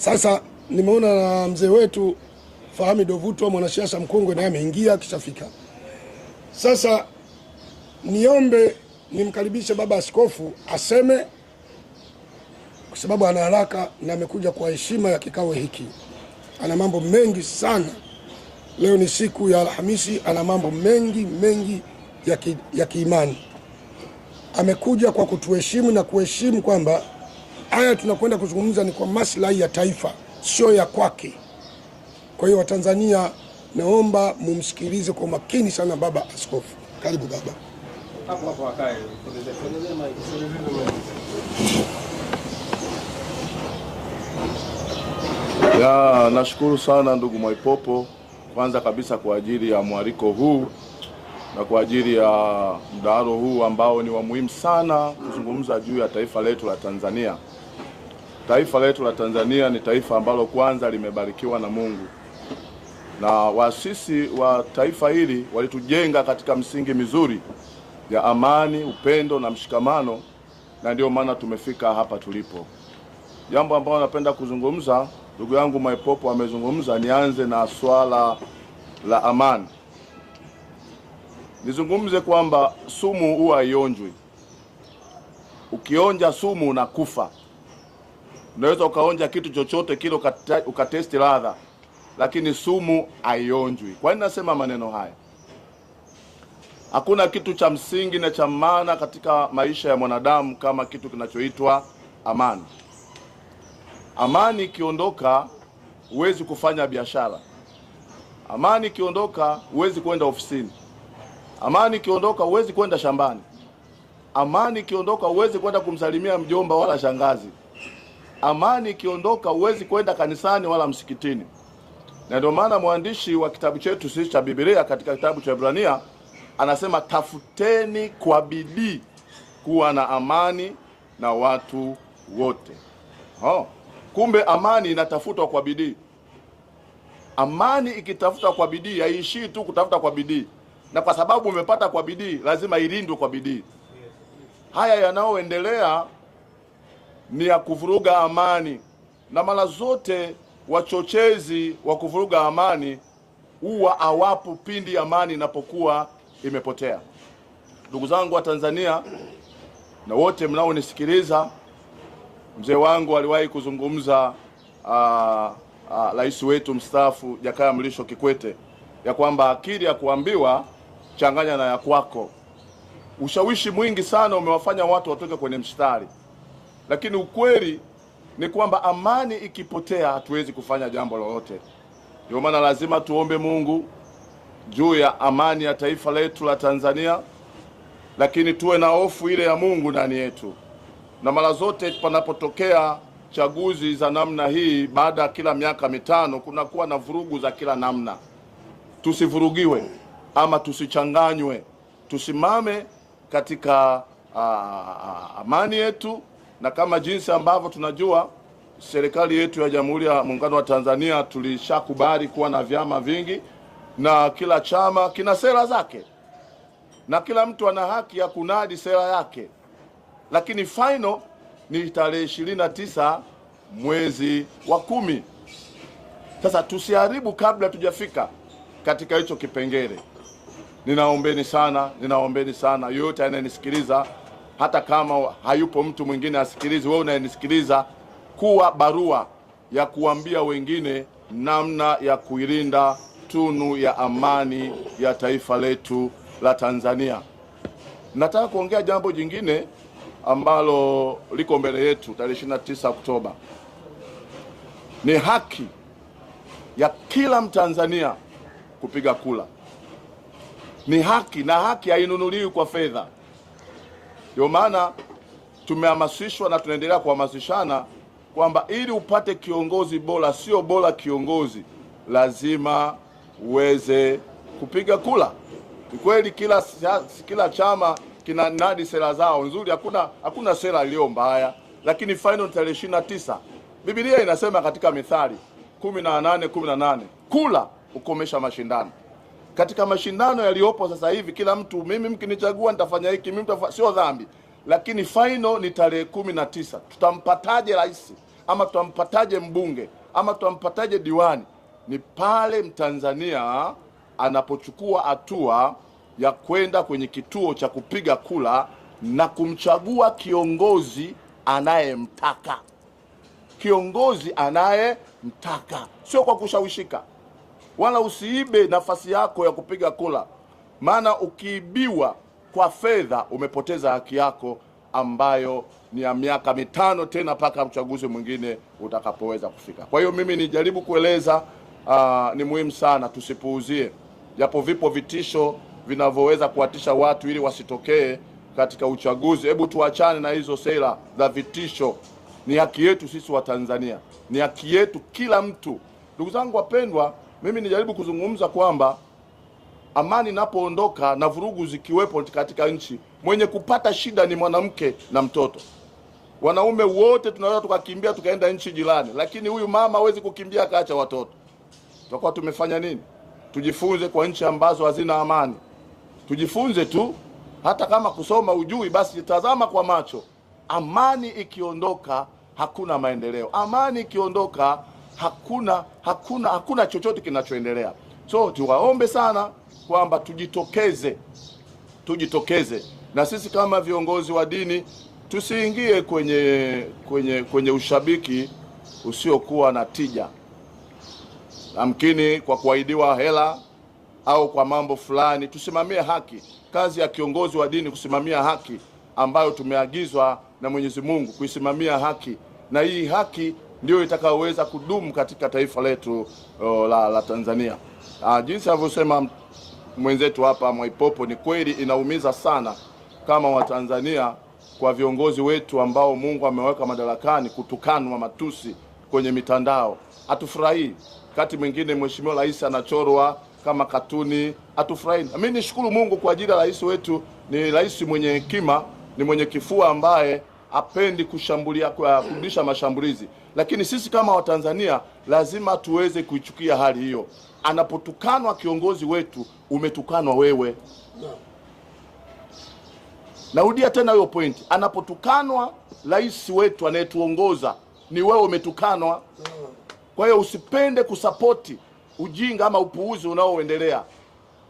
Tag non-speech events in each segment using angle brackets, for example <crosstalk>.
Sasa nimeona na mzee wetu Fahmi Dovuto mwanasiasa mkongwe, naye ameingia akishafika. Sasa niombe nimkaribishe baba askofu aseme, kwa sababu ana haraka na amekuja kwa heshima ya kikao hiki. Ana mambo mengi sana. Leo ni siku ya Alhamisi, ana mambo mengi mengi ya kiimani. Amekuja kwa kutuheshimu na kuheshimu kwamba haya tunakwenda kuzungumza ni kwa maslahi ya taifa, sio ya kwake. Kwa hiyo Watanzania, naomba mumsikilize kwa makini sana baba askofu. Karibu baba. Hapo hapo akae. Ya, nashukuru sana ndugu Mwaipopo kwanza kabisa kwa ajili ya mwaliko huu na kwa ajili ya mdahalo huu ambao ni wa muhimu sana kuzungumza juu ya taifa letu la Tanzania. Taifa letu la Tanzania ni taifa ambalo kwanza limebarikiwa na Mungu, na waasisi wa taifa hili walitujenga katika msingi mizuri ya amani, upendo na mshikamano, na ndiyo maana tumefika hapa tulipo. Jambo ambalo napenda kuzungumza, ndugu yangu Mwaipopo amezungumza, nianze na swala la amani. Nizungumze kwamba sumu huwa haionjwi. Ukionja sumu unakufa. Unaweza ukaonja kitu chochote kile ukatesti ladha, lakini sumu haionjwi. Kwa nini nasema maneno haya? Hakuna kitu cha msingi na cha maana katika maisha ya mwanadamu kama kitu kinachoitwa amani. Amani ikiondoka, huwezi kufanya biashara. Amani ikiondoka, huwezi kwenda ofisini. Amani ikiondoka huwezi kwenda shambani. Amani ikiondoka huwezi kwenda kumsalimia mjomba wala shangazi. Amani ikiondoka huwezi kwenda kanisani wala msikitini. Na ndio maana mwandishi wa kitabu chetu sisi cha Biblia katika kitabu cha Ibrania anasema tafuteni kwa bidii kuwa na amani na watu wote. Oh. Kumbe amani inatafutwa kwa bidii. Amani ikitafuta kwa bidii haiishii tu kutafuta kwa bidii na kwa sababu umepata kwa bidii, lazima ilindwe kwa bidii. Haya yanayoendelea ni ya kuvuruga amani, na mara zote wachochezi wa kuvuruga amani huwa hawapo pindi amani inapokuwa imepotea. Ndugu zangu wa Tanzania na wote mnaonisikiliza, mzee wangu aliwahi kuzungumza ah, ah, rais wetu mstaafu Jakaya Mlisho Kikwete ya kwamba akili ya kuambiwa changanya na ya kwako. Ushawishi mwingi sana umewafanya watu watoke kwenye mstari, lakini ukweli ni kwamba amani ikipotea, hatuwezi kufanya jambo lolote. Ndio maana lazima tuombe Mungu juu ya amani ya taifa letu la Tanzania, lakini tuwe na hofu ile ya Mungu ndani yetu, na mara zote panapotokea chaguzi za namna hii, baada ya kila miaka mitano, kunakuwa na vurugu za kila namna. Tusivurugiwe ama tusichanganywe, tusimame katika uh, amani yetu, na kama jinsi ambavyo tunajua serikali yetu ya Jamhuri ya Muungano wa Tanzania tulishakubali kuwa na vyama vingi, na kila chama kina sera zake na kila mtu ana haki ya kunadi sera yake, lakini final ni tarehe ishirini na tisa mwezi wa kumi. Sasa tusiharibu kabla tujafika katika hicho kipengele. Ninaombeni sana, ninaombeni sana, yoyote anayenisikiliza, hata kama hayupo mtu mwingine asikilize, wewe unayenisikiliza, kuwa barua ya kuambia wengine namna ya kuilinda tunu ya amani ya taifa letu la Tanzania. Nataka kuongea jambo jingine ambalo liko mbele yetu tarehe 29 Oktoba. Ni haki ya kila Mtanzania kupiga kula ni haki na haki hainunuliwi kwa fedha. Ndio maana tumehamasishwa na tunaendelea kuhamasishana kwamba ili upate kiongozi bora, sio bora kiongozi, lazima uweze kupiga kula. Ni kweli kila, kila chama kina nadi sera zao nzuri, hakuna hakuna sera iliyo mbaya, lakini final tarehe ishirini na tisa Biblia inasema katika Mithali kumi na nane kumi na nane kula ukomesha mashindano katika mashindano yaliyopo sasa hivi, kila mtu mimi mkinichagua nitafanya hiki mimi sio dhambi, lakini final ni tarehe kumi na tisa. Tutampataje rais ama tutampataje mbunge ama tutampataje diwani? Ni pale mtanzania anapochukua hatua ya kwenda kwenye kituo cha kupiga kula na kumchagua kiongozi anayemtaka, kiongozi anayemtaka, sio kwa kushawishika wala usiibe nafasi yako ya kupiga kula, maana ukiibiwa kwa fedha umepoteza haki yako ambayo ni ya miaka mitano tena mpaka uchaguzi mwingine utakapoweza kufika. Kwa hiyo mimi nijaribu kueleza aa, ah, ni muhimu sana tusipuuzie, japo vipo vitisho vinavyoweza kuwatisha watu ili wasitokee katika uchaguzi. Hebu tuachane na hizo sera za vitisho. Ni haki yetu sisi wa tanzania ni haki yetu kila mtu. Ndugu zangu wapendwa mimi nijaribu kuzungumza kwamba amani inapoondoka na vurugu zikiwepo katika nchi, mwenye kupata shida ni mwanamke na mtoto. Wanaume wote tunaweza tukakimbia tukaenda nchi jirani, lakini huyu mama hawezi kukimbia akaacha watoto. Tutakuwa tumefanya nini? Tujifunze kwa nchi ambazo hazina amani, tujifunze tu. Hata kama kusoma ujui, basi tazama kwa macho. Amani ikiondoka hakuna maendeleo. Amani ikiondoka hakuna hakuna hakuna chochote kinachoendelea. So tuwaombe sana kwamba tujitokeze, tujitokeze na sisi kama viongozi wa dini tusiingie kwenye kwenye kwenye ushabiki usiokuwa na tija, amkini kwa kuahidiwa hela au kwa mambo fulani. Tusimamie haki. Kazi ya kiongozi wa dini kusimamia haki ambayo tumeagizwa na Mwenyezi Mungu kuisimamia haki, na hii haki ndio itakayoweza kudumu katika taifa letu uh, la, la Tanzania. Uh, jinsi alivyosema mwenzetu hapa Mwaipopo ni kweli, inaumiza sana kama Watanzania kwa viongozi wetu ambao Mungu ameweka madarakani kutukanwa matusi kwenye mitandao. Hatufurahii. kati mwingine Mheshimiwa Rais anachorwa kama katuni, atufurahi Mimi nishukuru Mungu kwa ajili ya rais wetu, ni rais mwenye hekima, ni mwenye kifua ambaye apendi kushambulia kurudisha mashambulizi, lakini sisi kama Watanzania lazima tuweze kuichukia hali hiyo. Anapotukanwa kiongozi wetu, umetukanwa wewe. Narudia tena hiyo pointi, anapotukanwa rais wetu anayetuongoza ni wewe, umetukanwa. Kwa hiyo usipende kusapoti ujinga ama upuuzi unaoendelea,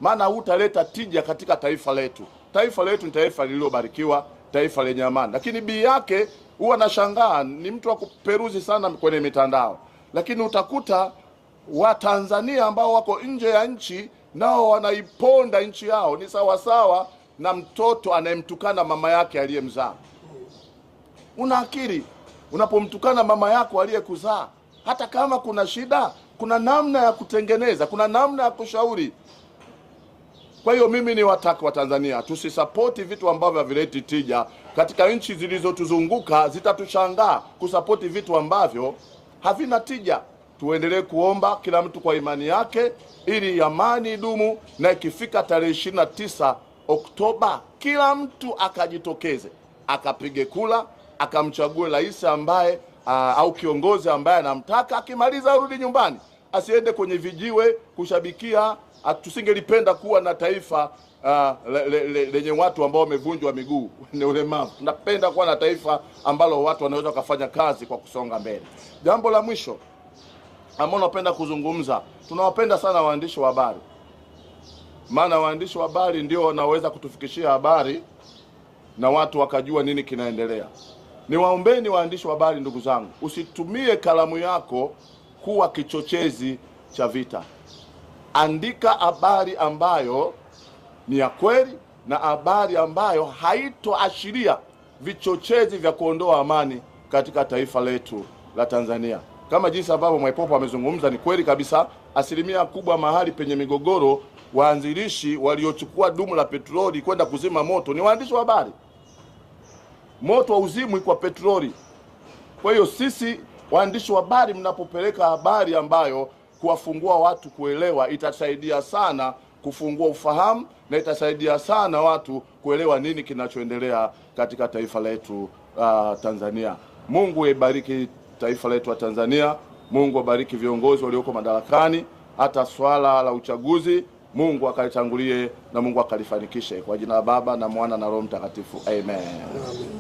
maana hutaleta tija katika taifa letu. Taifa letu ni taifa lililobarikiwa taifa lenye amani. Lakini bii yake huwa nashangaa, ni mtu wa kuperuzi sana kwenye mitandao, lakini utakuta Watanzania ambao wako nje ya nchi nao wanaiponda nchi yao. Ni sawasawa na mtoto anayemtukana mama yake aliyemzaa. Una akili unapomtukana mama yako aliyekuzaa? Hata kama kuna shida, kuna namna ya kutengeneza, kuna namna ya kushauri. Kwa hiyo mimi ni wataki wa Tanzania tusisapoti vitu ambavyo havileti tija. Katika nchi zilizotuzunguka zitatushangaa kusapoti vitu ambavyo havina tija. Tuendelee kuomba kila mtu kwa imani yake, ili amani idumu, na ikifika tarehe ishirini tisa Oktoba kila mtu akajitokeze akapige kula akamchague rais ambaye aa, au kiongozi ambaye anamtaka. Akimaliza arudi nyumbani, asiende kwenye vijiwe kushabikia tusingelipenda kuwa na taifa uh, ah, lenye le, le, le, watu ambao wamevunjwa miguu <laughs> ni ulemavu. Tunapenda kuwa na taifa ambalo watu wanaweza wakafanya kazi kwa kusonga mbele. Jambo la mwisho ambao napenda kuzungumza, tunawapenda sana waandishi wa habari, maana waandishi wa habari ndio wanaweza kutufikishia habari na watu wakajua nini kinaendelea. Niwaombeni waandishi wa habari, ndugu zangu, usitumie kalamu yako kuwa kichochezi cha vita andika habari ambayo ni ya kweli na habari ambayo haitoashiria vichochezi vya kuondoa amani katika taifa letu la Tanzania. Kama jinsi ambavyo Mwaipopo amezungumza, ni kweli kabisa, asilimia kubwa mahali penye migogoro, waanzilishi waliochukua dumu la petroli kwenda kuzima moto ni waandishi wa habari. Moto hauzimwi kwa petroli. Kwa hiyo sisi waandishi wa habari, mnapopeleka habari ambayo kuwafungua watu kuelewa, itasaidia sana kufungua ufahamu na itasaidia sana watu kuelewa nini kinachoendelea katika taifa letu uh, Tanzania. Mungu aibariki taifa letu la Tanzania. Mungu abariki viongozi walioko madarakani, hata swala la uchaguzi Mungu akalitangulie na Mungu akalifanikishe kwa jina la Baba na Mwana na Roho Mtakatifu. Amen. Amen.